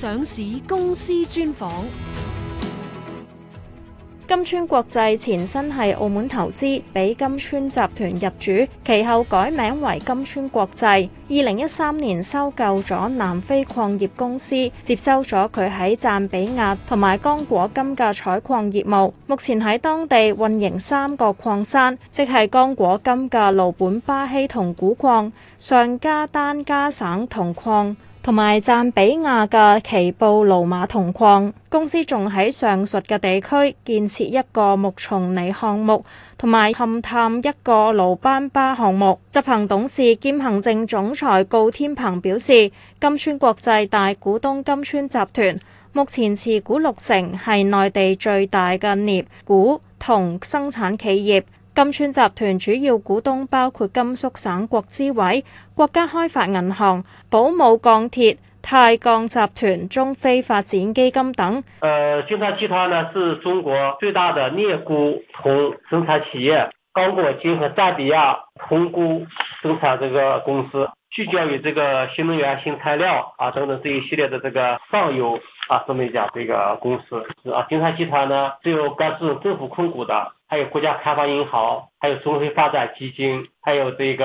上市公司專訪。金川國際前身係澳門投資，俾金川集團入主，其後改名為金川國際。二零一三年收購咗南非礦業公司，接收咗佢喺贊比亞同埋剛果金嘅採礦業務。目前喺當地運營三個礦山，即係剛果金嘅盧本巴希同古礦、上加丹加省銅礦。同埋，贊比亞嘅奇布盧馬銅礦公司，仲喺上述嘅地區建設一個木松尼項目，同埋勘探一個盧班巴項目。執行董事兼行政總裁高天鵬表示，金川國際大股東金川集團目前持股六成，係內地最大嘅鎳鈷銅生產企業。金川集團主要股東包括甘肅省國資委、國家開發銀行、寶武鋼鐵、太鋼集團、中非發展基金等。呃，金川集團呢，是中國最大的鎳鈷銅生產企業，剛果金和贊比亞銅鈷生產這個公司，聚焦於這個新能源新材料啊，等等這一系列的這個上游啊，這麼一家這個公司。啊，金川集團呢，是由甘肅政府控股的。還有國家開發銀行，還有中國非發展基金，還有這個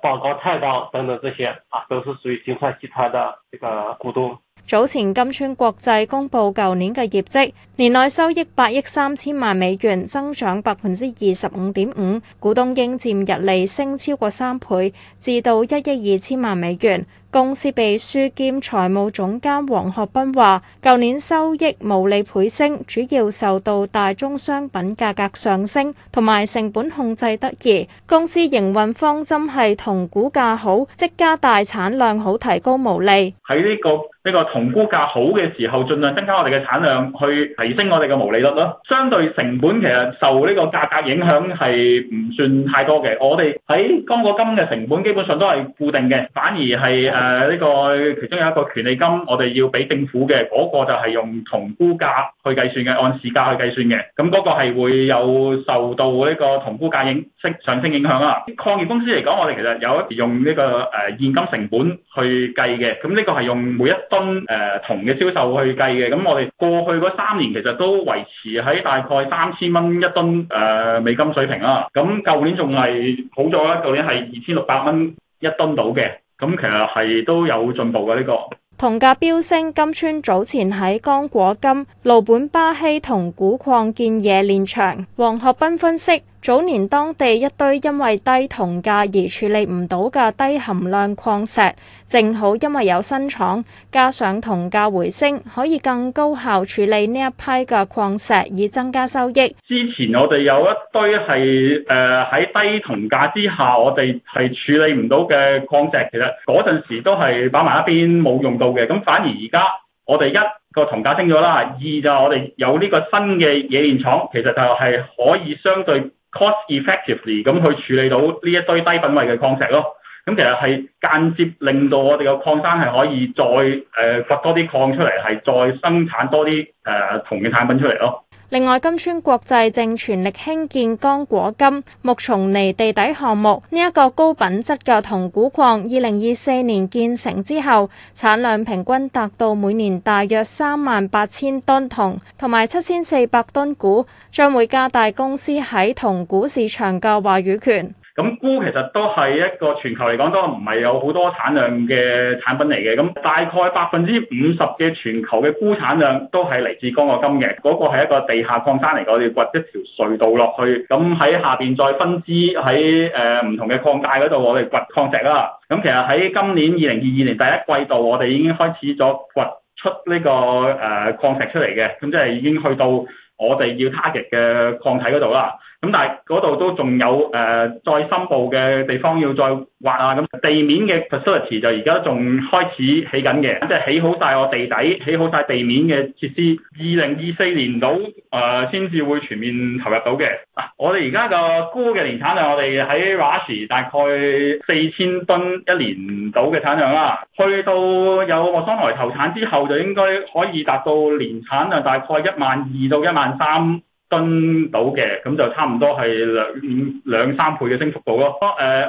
寶鋼太鋼等等這些啊，都是屬於金川集團的這個股東。早前金川國際公布舊年嘅業績，年內收益八億三千萬美元，增長百分之二十五點五，股東應佔溢利升超過三倍，至到一億二千萬美元。公司秘書兼財務總監黃學斌話,舊年收益,毛利倍升,主要受到大宗商品價格上升,同埋成本控制得宜。公司營運方針係同股價好,即加大產量好提高毛利。喺呢個呢個銅估價好嘅時候，盡量增加我哋嘅產量，去提升我哋嘅毛利率咯。相對成本其實受呢個價格影響係唔算太多嘅。我哋喺剛果金嘅成本基本上都係固定嘅，反而係誒呢個其中有一個權利金，我哋要俾政府嘅嗰、那個就係用銅估價去計算嘅，按市價去計算嘅。咁、那、嗰個係會有受到呢個銅估價影升上升影響啦。礦業公司嚟講，我哋其實有一用呢、這個誒、呃、現金成本去計嘅。咁呢個係用每一噸誒，銅嘅銷售去計嘅，咁我哋過去嗰三年其實都維持喺大概三千蚊一噸誒美金水平啦。咁舊年仲係好咗啦，舊年係二千六百蚊一噸到嘅，咁其實係都有進步嘅呢個。銅價飆升，金川早前喺剛果金、盧本巴希同古礦建冶煉場。黃學斌分析。早年當地一堆因為低銅價而處理唔到嘅低含量礦石，正好因為有新廠，加上銅價回升，可以更高效處理呢一批嘅礦石，以增加收益。之前我哋有一堆係誒喺低銅價之下，我哋係處理唔到嘅礦石，其實嗰陣時都係擺埋一邊冇用到嘅。咁反而而家我哋一個銅價升咗啦，二就係我哋有呢個新嘅冶煉廠，其實就係可以相對 cost effectively 咁去處理到呢一堆低品位嘅礦石咯。咁、嗯、其實係間接令到我哋個礦山係可以再誒掘、呃、多啲礦出嚟，係再生產多啲誒銅嘅產品出嚟咯。另外，金川國際正全力興建剛果金穆松尼地底項目，呢、這、一個高品質嘅銅鈷礦，二零二四年建成之後，產量平均達到每年大約三萬八千噸銅，同埋七千四百噸鈷，將會加大公司喺銅鈷市場嘅話語權。咁鈷其實都係一個全球嚟講都唔係有好多產量嘅產品嚟嘅，咁大概百分之五十嘅全球嘅鈷產量都係嚟自剛果金嘅，嗰、那個係一個地下礦山嚟我哋掘一條隧道落去，咁喺下邊再分支喺誒唔同嘅礦帶嗰度，我哋掘礦石啦。咁其實喺今年二零二二年第一季度，我哋已經開始咗掘出呢個誒礦石出嚟嘅，咁即係已經去到我哋要 target 嘅礦體嗰度啦。咁但係嗰度都仲有誒、呃、再深部嘅地方要再挖啊！咁地面嘅 facility 就而家仲開始起緊嘅，即係起好晒我地底，起好晒地面嘅設施。二零二四年度誒先至會全面投入到嘅、啊。我哋而家個鈷嘅年產量，我哋喺 Ruashi 大概四千噸一年度嘅產量啦。去到有莫桑萊投產之後，就應該可以達到年產量大概一萬二到一萬三。噸到嘅，咁就差唔多係兩兩三倍嘅升幅度咯。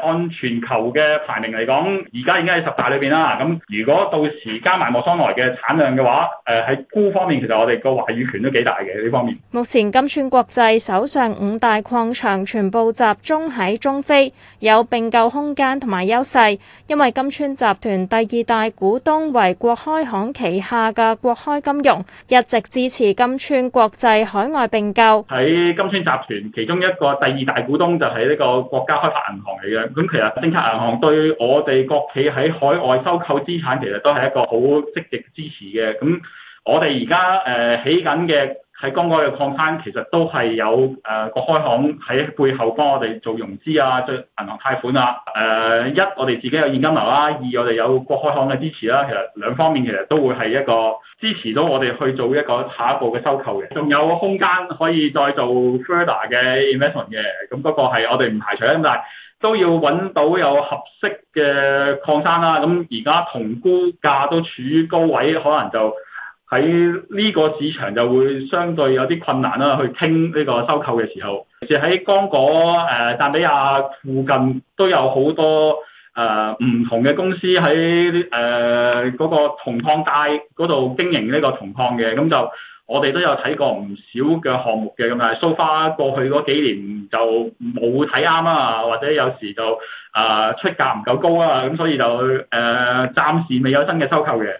按全球嘅排名嚟講，而家已經喺十大裏邊啦。咁如果到時加埋莫桑尼嘅產量嘅話，誒喺鈷方面其實我哋個話語權都幾大嘅呢方面。目前金川國際手上五大礦場全部集中喺中非，有並購空間同埋優勢，因為金川集團第二大股東為國開行旗下嘅國開金融，一直支持金川國際海外並購。喺金川集團其中一個第二大股東就係呢個國家開發銀行嚟嘅，咁其實政策銀行對我哋國企喺海外收購資產，其實都係一個好積極支持嘅。咁我哋而家誒起緊嘅。呃喺剛剛嘅礦山其實都係有誒國、呃、開行喺背後幫我哋做融資啊，做銀行貸款啊。誒、呃、一，我哋自己有現金流啦、啊；二，我哋有國開行嘅支持啦、啊。其實兩方面其實都會係一個支持到我哋去做一個下一步嘅收購嘅。仲有空間可以再做 further 嘅 investment 嘅。咁嗰個係我哋唔排除，但係都要揾到有合適嘅礦山啦、啊。咁而家同估價都處於高位，可能就～喺呢個市場就會相對有啲困難啦，去傾呢個收購嘅時候。就喺剛果誒贊比亞附近都有好多誒唔、呃、同嘅公司喺誒嗰個銅礦帶嗰度經營呢個銅礦嘅。咁就我哋都有睇過唔少嘅項目嘅。咁但係 so far 過去嗰幾年就冇睇啱啊，或者有時就誒、呃、出價唔夠高啊，咁所以就誒、呃、暫時未有新嘅收購嘅。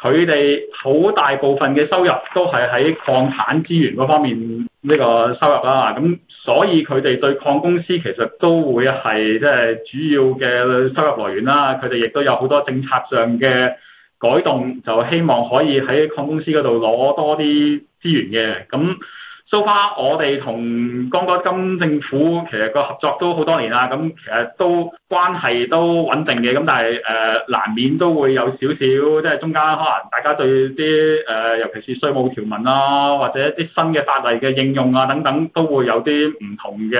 佢哋好大部分嘅收入都係喺礦產資源嗰方面呢個收入啦，咁所以佢哋對礦公司其實都會係即係主要嘅收入來源啦。佢哋亦都有好多政策上嘅改動，就希望可以喺礦公司嗰度攞多啲資源嘅咁。蘇花，harma, 我哋同剛果金政府其實個合作都好多年啦，咁其實都關係都穩定嘅，咁但係誒難免都會有少少，即係中間可能大家對啲誒，尤其是稅務條文啊，或者啲新嘅法例嘅應用啊等等，都會有啲唔同嘅，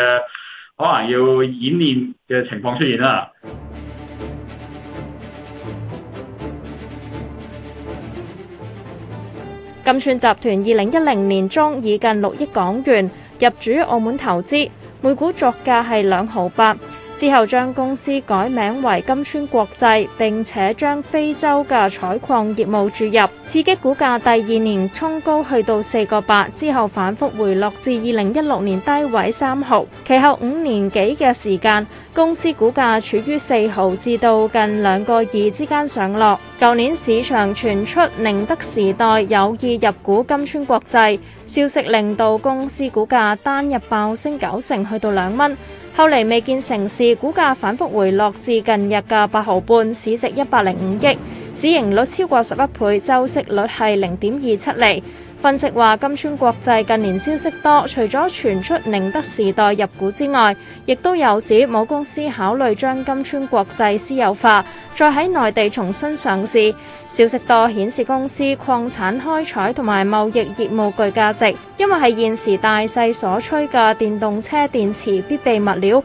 可能要演練嘅情況出現啦。金川集團二零一零年中以近六億港元入主澳門投資，每股作價係兩毫八。之後將公司改名為金川國際，並且將非洲嘅採礦業務注入，刺激股價第二年衝高去到四個八，之後反復回落至二零一六年低位三毫。其後五年幾嘅時間，公司股價處於四毫至到近兩個二之間上落。舊年市場傳出寧德時代有意入股金川國際，消息，令到公司股價單日爆升九成，去到兩蚊。後嚟未見成市，股價反覆回落至近日嘅八毫半，市值一百零五億，市盈率超過十一倍，周息率係零點二七厘。分析話：金川國際近年消息多，除咗傳出寧德時代入股之外，亦都有指某公司考慮將金川國際私有化，再喺內地重新上市。消息多顯示公司礦產開採同埋貿易業務具價值，因為係現時大勢所趨嘅電動車電池必備物料。